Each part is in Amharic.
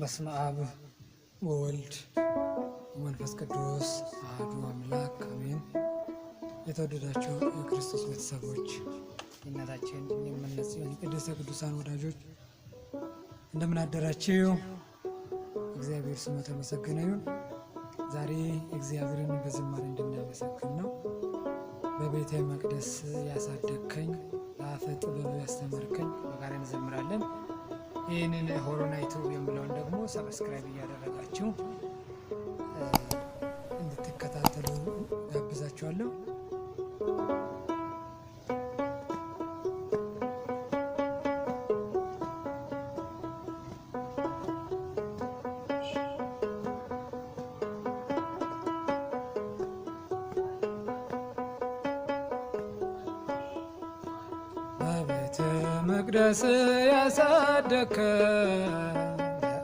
በስመ አብ ወወልድ ወመንፈስ ቅዱስ አሐዱ አምላክ አሜን። የተወደዳቸው የክርስቶስ ቤተሰቦች እናታችን የምንጽዮን ቅድስተ ቅዱሳን ወዳጆች እንደምን አደራችሁ? እግዚአብሔር ስሙ ተመሰገነ ይሁን። ዛሬ እግዚአብሔርን በዝማሬ እንድናመሰግን ነው። በቤተ መቅደስ ያሳደግከኝ፣ በአፈ ጥበብ ያስተማርከኝ በጋራ እንዘምራለን። ይህንን ዩቱብ የምለውን ደግሞ ሰብስክራይብ እያደረጋችሁ እንድትከታተሉ ጋብዛችኋለሁ። መቅደስ ያሳደከ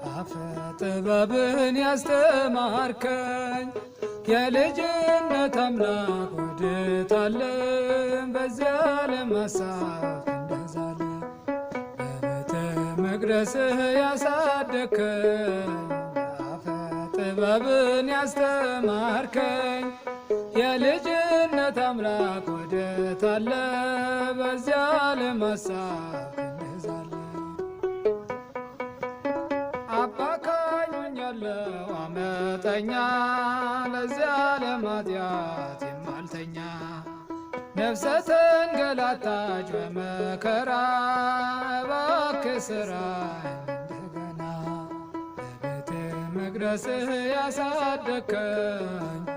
የአፈ ጥበብን ያስተማርከኝ የልጅነት አምላክ ወድታለን በዚያ ለማሳብ እንደዛለ በቤተ መቅደስ ያሳደከ የአፈ ጥበብን ያስተማርከኝ የልጅነት አምላክ አለ በዚያ ለማሳብ እንዛለ አባካኝ ያለው አመጠኛ ለዚያ ለማትያት የማልተኛ ነፍሰ ገላታች በመከራ ባክ ስራ እንደገና በቤተ መቅደስህ ያሳደከኝ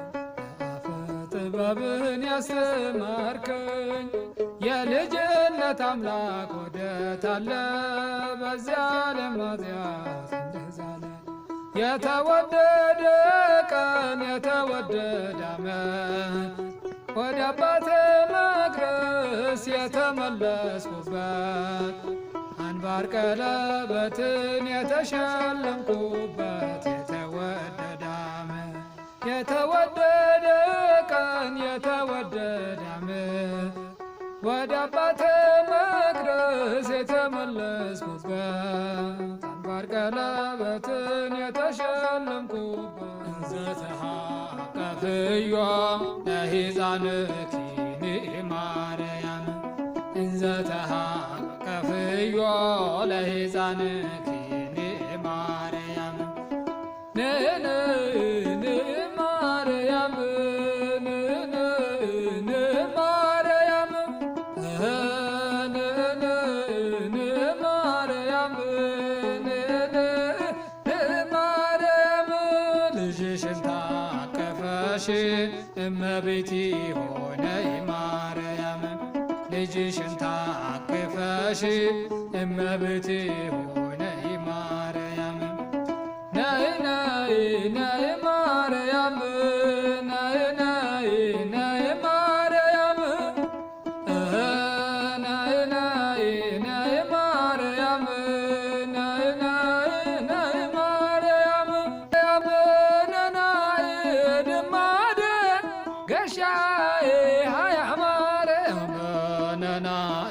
ጥበብን ያሰማርከኝ የልጅነት አምላክ አለ በዚያ ለማዚያ እንደዛለ የተወደደ ቀን የተወደደ ዓመት ወደ አባቴ መቅደስ የተመለስኩበት አንባር ቀለበትን የተሸለምኩ ወደ አባተ መቅደስ የተመለስኩበት አንባር ቀለበትን የተሸለምኩበት ማርያም ለሕፃንኪ እመቤቴ ሆነይ ማርያም ልጅሽን ታቅፈሽ እመቤቴ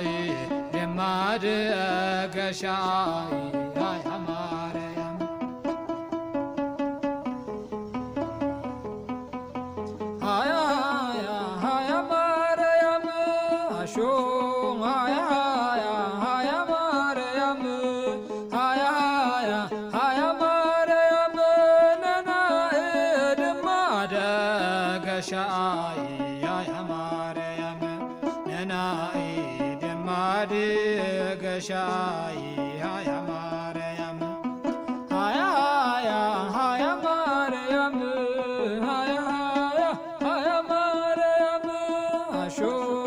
ay गशाई Shai, I am Aram, Nenai. ያድገሻይ ሀያ ማርያም ሀያ ሀያ ሀያ ማርያም ሀያ ሀያ ሀያ ማርያም አሾ